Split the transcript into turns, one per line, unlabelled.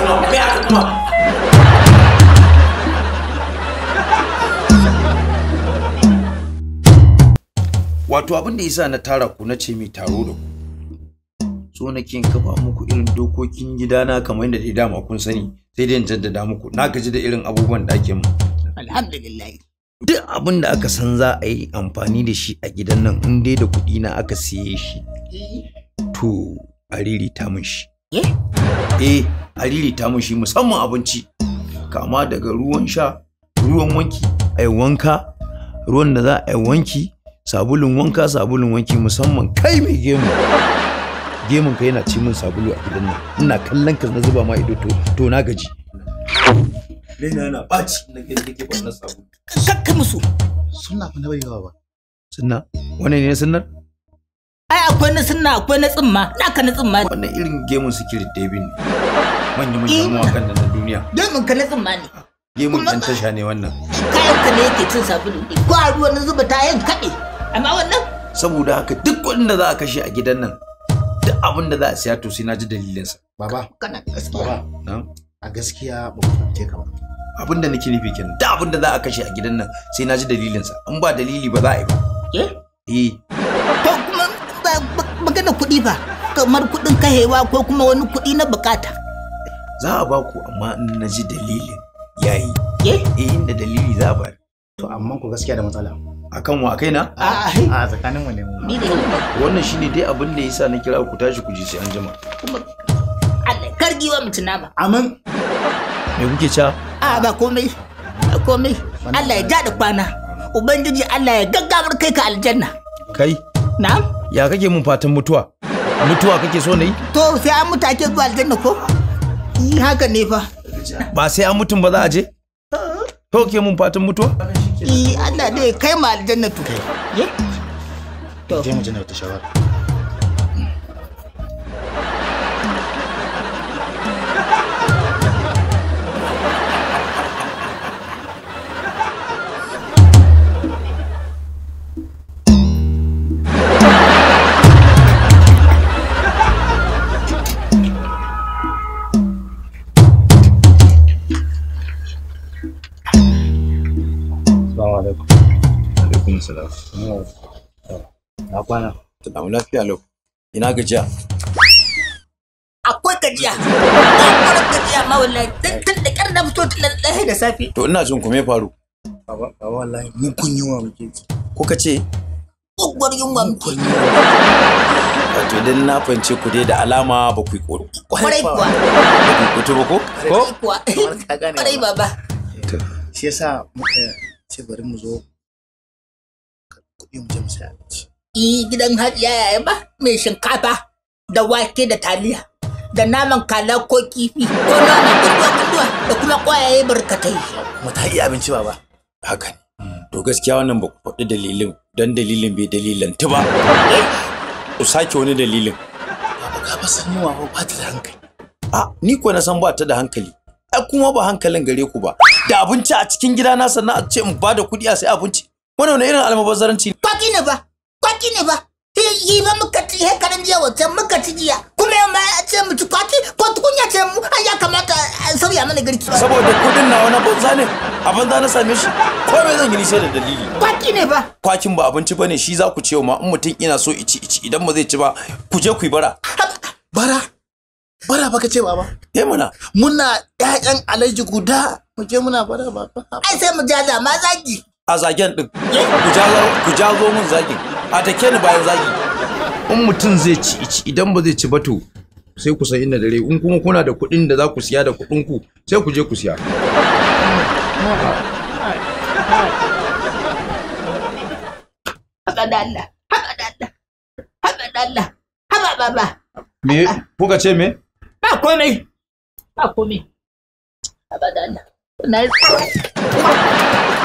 kuma wato abin da yasa na tara ku na ce mai taro da ku so nake in kafa muku irin dokokin gidana kamar yadda dai dama kun sani sai dai in jaddada muku na gaji da irin abubuwan da ake mu
alhamdulillah
duk abin da aka san za a yi amfani da shi a gidan nan in dai da kuɗi na aka siye shi eh. to a ta munshi. shi Eh, hariri ta mun shi musamman abinci. Kama daga ruwan sha, ruwan wanki, ai wanka, ruwan da za a yi wanki, sabulun wanka, sabulun wanki musamman kai mai gemu. Gemun ka yana ci min sabulu a gidan nan. Ina kallon ka na zuba ma ido to to na gaji. Lena yana ɓaci na gidan take ba na sabulu. Kakka musu. Sunna fa na bai yawa ba. Sunna? Wannan ne sunnar? ai akwai na sunna akwai na tsimma ka na tsimma wannan irin gemun security david ne manya manyan eh. kan nan na duniya
gemun ka na tsimma ne
gemun dan tasha ne wannan
kayan ka ne yake cin sabulu ne ko a ruwa na zuba tayan kaɗe amma wannan
saboda haka duk kuɗin da za a kashe a gidan nan duk abin da za a siya to sai na ji dalilinsa baba
kana gaskiya
baba a gaskiya ba ku fahimce ka ba abin da nake nufi kenan duk abin da za a kashe a gidan nan sai na ji dalilinsa in ba dalili ba za a yi ba eh eh
da kuɗi ba kamar kuɗin kahewa ko kuma wani kuɗi na bukata
za a ba ku amma in na ji dalilin yayi eh inda dalili za a ba to amma ku gaskiya da matsala akan wa kai na a tsakanin mu ne mu wannan shine dai abin da yasa na kira ku tashi ku ji sai an jima
kuma kargiwa mutuna ba amin me kuke ca a ba komai komai Allah ya ja da kwana ubangiji Allah ya gaggawar kai ka aljanna kai na'am
ya kake mun fatan mutuwa mutuwa kake so na yi
to sai an mutu ake zuwa aljanna ko haka ne fa
ba sai an mutum ba za a je to ke mun fatan mutuwa yi Allah ne kai ma aljanna to kai je mu jinna wata shawara Alaikum salam. Na kwana. Ta damu lafiya lau. Ina gajiya.
Akwai gajiya. Akwai gajiya ma wallahi. tun da na fito tun da safe.
To ina jin ku me faru? Baba wallahi mun kun yunwa muke Ko ka ce?
Ugwar muke
Wato dan na fance ku dai da alama ba ku yi koro.
Kwarai kuwa. Ba
ku kuto ko? Ko?
Kwarai baba. Shi yasa muka ce bari mu zo yin mu je I gidan hajiya yaya ba mai shinkafa da wake da taliya da naman kala ko kifi ko naman kuduwa da kuma ƙwayaye barkatai.
Mu ta iya abinci baba. Haka ne. To gaskiya wannan ba ku faɗi dalilin don dalilin bai dalilantu ba. Ku sake wani dalilin.
Baba ka ba san yawa ba ba ta da hankali.
A ni ko na san ba ta da hankali. Ai kuma ba hankalin gare ku ba. Da abinci a cikin gidana sannan a ce in ba da kuɗi a sai abinci. wani wani irin almubazzaranci. Kwaki ne ba, kwaki ne ba. Yi ba muka ci he karin jiya wata
muka ci jiya. Kuma yau ma a ce mu ci kwaki ko tukunya ce mu an ya kamata a sauya mana girki. Saboda kudin
nawa na banza ne, a banza na same shi. Ko me zan gini nishe da dalili.
Kwaki ne ba.
Kwakin ba abinci ba ne, shi za ku ce ma in mutum ina so ici ici idan ba zai ci ba ku je ku yi bara.
Bara. Bara baka ce ba Eh muna. Muna ƴaƴan alaji guda. Mu je muna bara ba. Ai sai mu ja da ma zagi.
a zagen din ku jazo mun zagin a take ni bayan zagi in mutum zai ci ici idan ba zai ci ba to sai ku san inda dare in kuma kuna da kuɗin da za ku siya da kuɗin ku sai ku je ku siya haka
Allah Allah Allah baba
me kuka ce me
ba komai ba komai haka Allah na